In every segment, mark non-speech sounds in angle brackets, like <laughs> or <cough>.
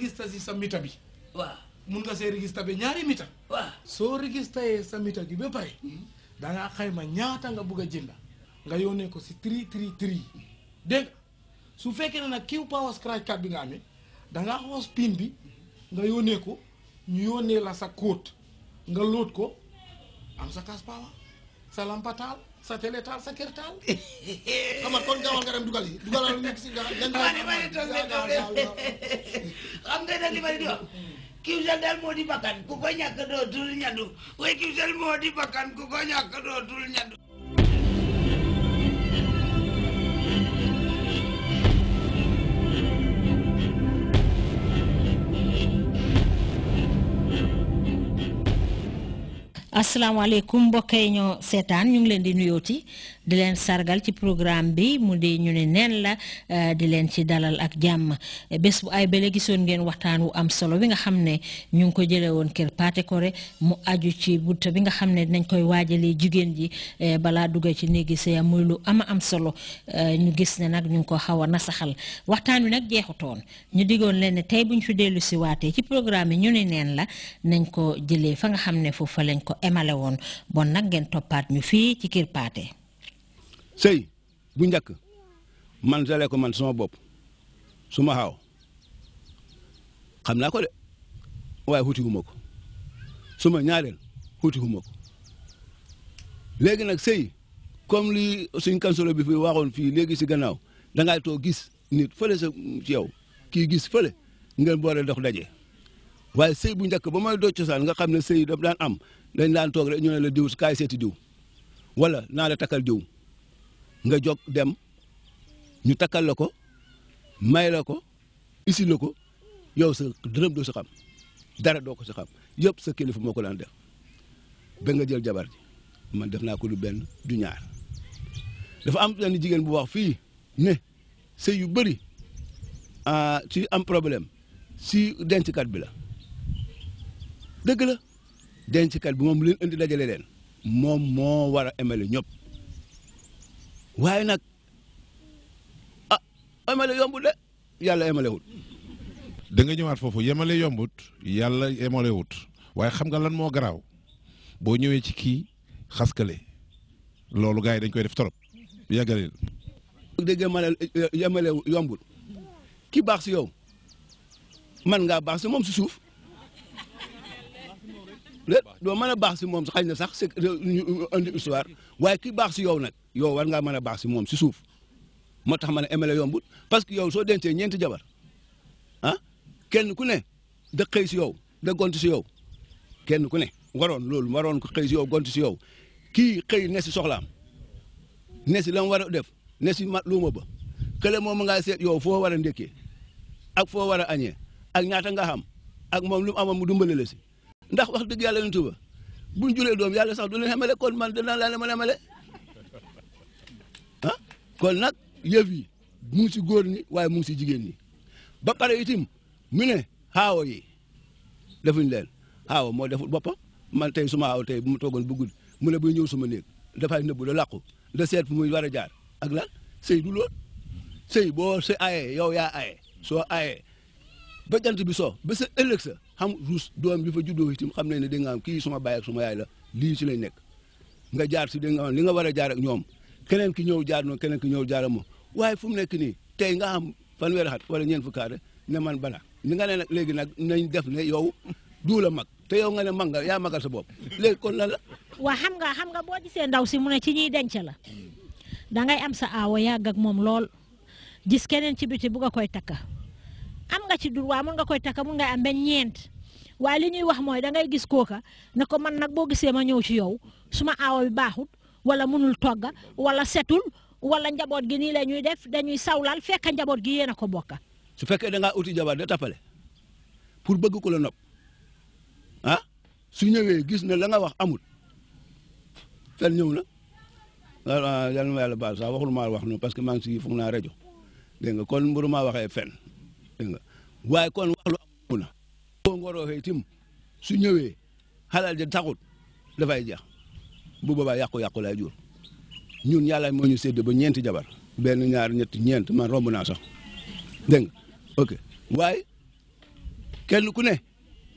register si sa mita bi waaw mun nga see register bi ñaari mita soo soo registré sa mita gi ba pare hmm. dangaa xayma ñaata nga bugg a jënda nga yónnee ko si tri tri tri dégg su fekkee ne nag kiw power scratch card bi nga amee danga xoos pin bi nga yónnee ko ñu yónnee la sa kóot nga lóot ko am sa kas sa lampataal sa télé taal sa kër taal <laughs> xam nga kon gaawal nga dem dugal a dugalal nekk si gaaw gàncax gi. waaw li ma di toog <laughs> xam nga nag li ma di ki kiwsel daal moo di bakkan ku ko ñàkk dootul ñandu waaye kiwsel moo di bakkan ku ko ñàkk dootul ñandu. asalaamaaleykum mbokk yi ñoo seetaan ñu ngi leen di nuyooti di leen sargal ci programme bi mu di ñu ne nen la eh, di leen ci dalal ak jàmm bés bu ay bele gisoon ngeen waxtaan wu am solo bi nga xam ne ñu ngi ko jëlee woon kër Paate Kore mu aju ci bunta bi nga xam ne dinañ koy waajalee jigéen ji eh, balaa dugg ci néegi muy lu ama am solo eh, ñu gis ne nag ñu ko xaw a nasaxal waxtaan wi nag jeexutoon ñu digoon leen ne tey buñ fi dellu ci programme yi ñu ne neen la nañ ko jëlee fa nga xam ne foofa lañ ko emale woon bon nag ngeen toppaat ñu fii ci kër Paate sëy bu njëkk man jalee ko man sama bopp su ma xam naa ko de waaye xuti huma ko su ma ñaareel xuti huma ko léegi nag sëy comme lii suñ kansolo bi fi waxoon fii léegi si gannaaw dangaay too gis nit fële sa ci yow kii gis fële ngeen boole dox daje waaye sëy bu njëkk ba ma doo cosaan nga xam ne sey daf daan am dañ daan toog rek ñu ne la diw kaay seeti diw wala naa la takkal diw nga jog dem ñu takkal ko may la ko isil ko yow sa dërëm doo sa xam dara doo ko sa xam yëpp sa kilifa moo ko daan def ba nga jël jabar ji man def naa ko du benn du ñaar dafa am benn jigéen bu wax fii ne sëy yu bëri ah, ci am problème si denckat bi la dëgg la denckat bi moom leen indi dajale leen moom moo war a emale ñëpp waaye nag ah amale yombut de yàlla emalewut da nga ñëwaat foofu yemale yombut yàlla wut waaye xam nga lan moo garaaw boo ñëwee ci kii xaskale loolu gars yi dañ koy def trop yàggaleel dégg ma yemale yombul ki baax si yow man ngaa baax si moom si suuf doo mën a baax si moom xëy na sax c'est ñu indi histoire waaye ki baax si yow nag yow war ngaa mën a baax si moom si suuf moo tax ma ne MLA yombut parce que yow soo dencee ñeenti jabar ah kenn ku ne da xëy si yow da gont si yow kenn ku ne waroon loolu waroon ko xëy si yow gont si yow kii xëy ne si soxlaam ne si la war a def ne si mat ba kële moom ngaa seet yow foo war a ndékkee ak foo war a añee ak ñaata nga xam ak moom lu mu amoon mu dumbale la si. ndax wax dëgg yàlla yonent ba bu ñu juree doom yàlla sax du leen xamale kon man danaa laa mën a xamale ah kon nag yëf yi mu ngi si góor ñi waaye mu ngi si jigéen ñi ba pare itim mu ne xaawa yi defuñ leen xaawa moo deful boppam man tey suma xaaw tey bu mu toogoon bu guddi mu ne buy ñëw suma néeg dafay nëbbu da làqu da seet fu muy war a jaar ak lan sëy du lool sëy boo sa ayee yow yaa ayee soo ayee ba jant bi so ba sa ëllëg sa xam ruus doom bi fa juddoo itam xam nañ ne da nga am kii suma baay ak suma yaay la lii ci nekk nga jaar su da nga am li nga war a jaar ak ñoom keneen ki ñëw jaar noo keneen ki ñëw jaar ak waaye fu mu nekk nii tey nga am fanweeri at wala ñeen fukki at ne man bala ni nga ne nag léegi nag nañ def ne yow du la mag te yow nga ne mag nga magal sa bopp léegi kon na la. waa xam nga xam nga boo see ndaw si mu ne ci ñuy denc la da ngay am sa aawo yàgg ak moom lool gis keneen ci biti bu nga koy takka am nga ci droit mun nga koy takk mun nga am benn ñeent waa li ñuy wax mooy da ngay gis kooka na ko man nag boo gisee ma ñëw ci yow su ma bi baaxut wala munul togga wala setul wala njaboot gi nii la ñuy def dañuy sawlal fekk njaboot gi yéen a ko bokka su fekkee da uti jabar da tapale pour bëgg ko la nopp ah su ñëwee gis ne la nga wax amul fen ñëw na yàlla na ma yàlla waxul maa wax noonu parce que maa ngi si foog naa rajo dégg nga kon mburu ma waxee fen dégg nga waaye kon wax lu amu na boo nga roofee tim su ñëwee xalaal ja taxut dafay jeex bu boobaa yàqu-yàqu lay jur ñun yàlla moo ñu sédd ba ñeenti jabar benn ñaar ñett ñeent man romb naa sax dégg nga ok waaye kenn ku ne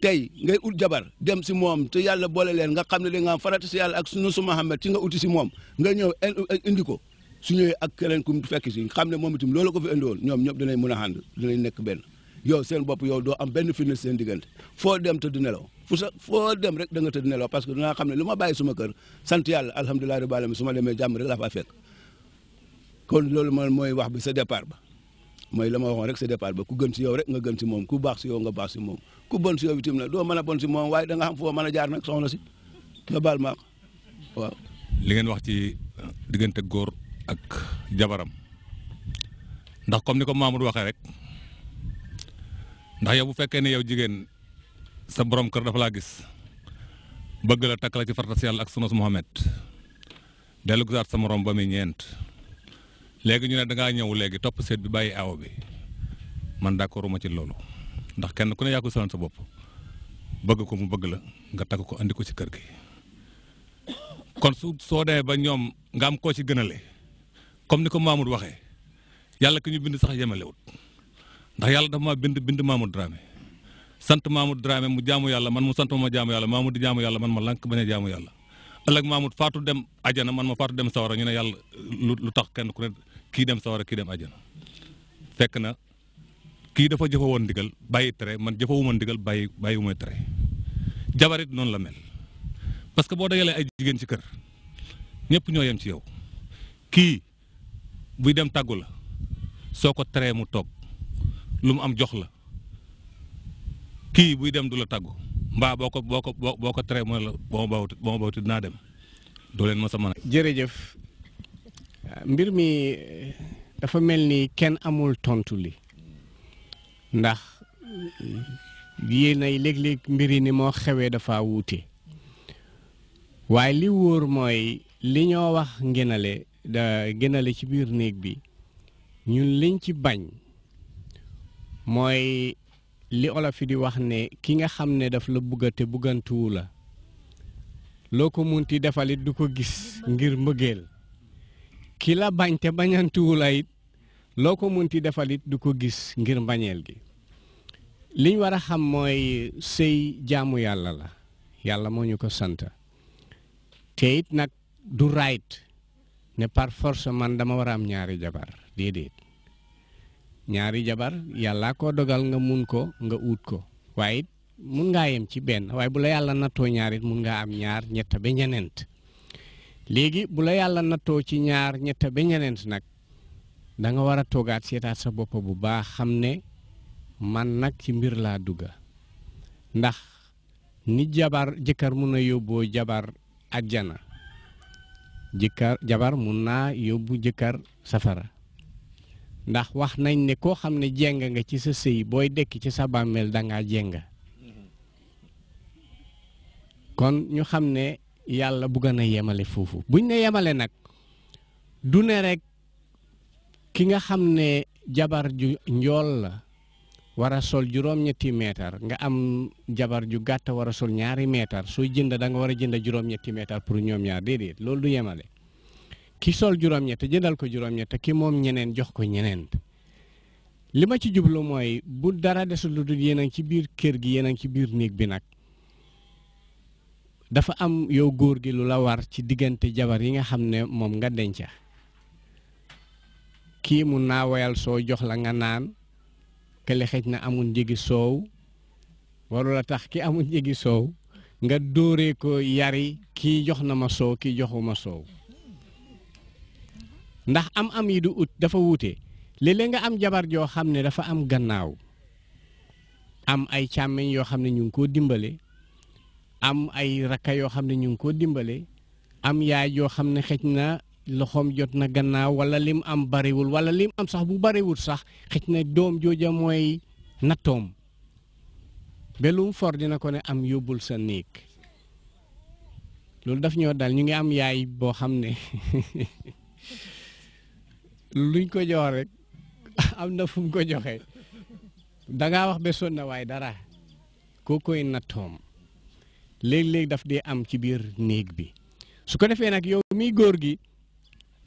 tey ngay ut jabar dem si moom te yàlla boole leen nga xam ne da nga farata si yàlla ak sunu su Muhammad ci nga uti si moom nga ñëw indi ko su ñëwee ak keneen ku mu fekk si xam ne moom itam loolu ko fi indiwoon ñoom ñëpp dinañ mën a ànd dinañ nekk benn yow seen bopp yow doo am benn firnde seen diggante foo dem tëdd nelaw fu sa foo dem rek da nga tëdd nelaw parce que dinaa xam ne lu ma bàyyi suma kër sant yàlla alhamdulilah rabbil alamin su ma demee jàmm rek laa faa fekk kon loolu man mooy wax bi sa départ ba mooy la ma waxoon rek sa départ ba ku gën si yow rek nga gën si moom ku baax si yow nga baax si moom ku bon si yow itam nag doo mën a bon si moom waaye da nga xam foo mën a jaar nag soxna si nga baal maa ko waaw. li ngeen wax ci diggante góor ak jabaram ndax comme ni ko Mamadou waxee rek ndax yow bu fekkee ne yow jigéen sa boroom kër dafa laa gis bëgg la takk la ci fartas yàlla ak sunas Muhammad dellu gisaat sa morom ba muy ñeent léegi ñu ne dangaa ñëw léegi topp seet bi bàyyi aaw bi man d'accorduma ci loolu ndax kenn ku ne yaa ko sa bopp bëgg ko mu bëgg la nga takk ko andi ko ci kër gi kon su soo demee ba ñoom nga am koo ci gënale comme ni ko Mamoud waxee yàlla ki ñu bind sax yemalewut ndax yàlla dafa maa bind bind Mamoud Dramé sant Mamoud Dramé mu jaamu yàlla man mu sant ma ma jaamu yàlla Mamoud di jaamu yàlla man ma lànk bañ a jaamu yàlla ëllëg Mamoud faatu dem ajana man ma faatu dem sawara ñu ne yàlla lu tax kenn ku ne kii dem sawara kii dem ajana fekk na kii dafa jëfawoon ndigal bàyyi tere man jëfawuma ndigal bàyyi bàyyiwuma tere jabarit noonu la mel parce que boo dajalee ay jigéen ci kër ñëpp ñoo yem ci yow buy dem taggu la soo ko teree mu toog lu mu am jox la kii buy dem du la taggu mbaa boo ko boo ko boo ko teree mu ne la boo ma bawut boo ma dinaa dem doo leen ma sa mën jërëjëf mbir mi dafa mel ni kenn amul tontu li ndax yéen ay léeg-léeg mbir yi ni moo xewee dafa wuute waaye li wóor mooy li ñoo wax ngenale gënale ci biir néeg bi ñun liñ ci bañ mooy li olof yi di wax ne ki nga xam ne daf la bugga te buggantuwu la loo ko munti defalit du ko gis ngir mbëggeel ki la bañ te bañantuwu la loo ko munti defalit du ko gis ngir mbañeel gi liñ war a xam mooy sëy jaamu yàlla la yàlla moo ñu ko sant te it du right ne par man dama war a am ñaari jabar déedéet ñaari jabar yàlla ko dogal nga mun ko nga uut ko waaye mun ngaa yem ci benn waaye bu la yàlla nattoo ñaar mun ngaa am ñaar ñett ba ñeneent léegi bu yàlla nattoo ci ñaar ñett ba ñeneent nag danga war a toogaat seetaat sa bopp bu baax xam ne man nag ci mbir laa dugga ndax ni jabar jëkkër mun a yóbboo jabar àjjana jëkkër jabar mun naa yóbbu jëkkër safara ndax wax nañ ne koo xam ne jéng nga ci sa sëy booy dekk ci sa bàmmeel danga jéng kon ñu xam ne yàlla bu gën a yemale foofu buñ ne yemale nag du ne rek ki nga xam ne jabar ju njool la war a sol juróom-ñetti meetar nga am jabar ju gàtt war a sol ñaari meetar soo jënd da nga war a jënd juróom-ñetti meetar pour ñoom ñaar déedéet loolu du yemale ki sol juróom-ñett jëndal ko juróom-ñett ki moom ñeneen jox ko ñeneen li ma ci jublu mooy bu dara desul lu dul yéen a ngi ci biir kër gi yéen a ngi ci biir néeg bi nag dafa am yow góor gi lu la war ci diggante jabar yi nga xam ne moom nga denca kii mun naa woyal soo jox la nga naan. kële xëj na amul njëgi soow waru la tax ki amul njëgi soow nga dóoree ko yari kii jox na ma soow kii joxuma soow ndax am-am yi du ut dafa wuute léeg nga am jabar joo xam ne dafa am gannaaw am ay càmmeñ yoo xam ne ñu ngi koo dimbale am ay rakka yoo xam ne ñu ngi koo dimbale am yaay yoo xam ne xëj na loxoom jot na gannaaw wala lim am bariwul wala lim am sax bu bariwul sax xëj na doom jooja mooy nattoom ba lu mu for dina ko ne am yóbbul sa néeg loolu daf ñoo dal ñu ngi am yaay boo xam ne <laughs> luñ ko jox rek <laughs> am na fu ko joxe danga wax ba sonn na waaye dara koo koy nattoom léeg-léeg daf dee am ci biir néeg bi su ko defee nag yow mi góor gi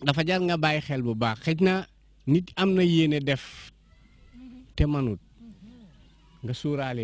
dafa jar nga bàyyi xel bu baax xëj na nit am na yéene def te manut nga suuraale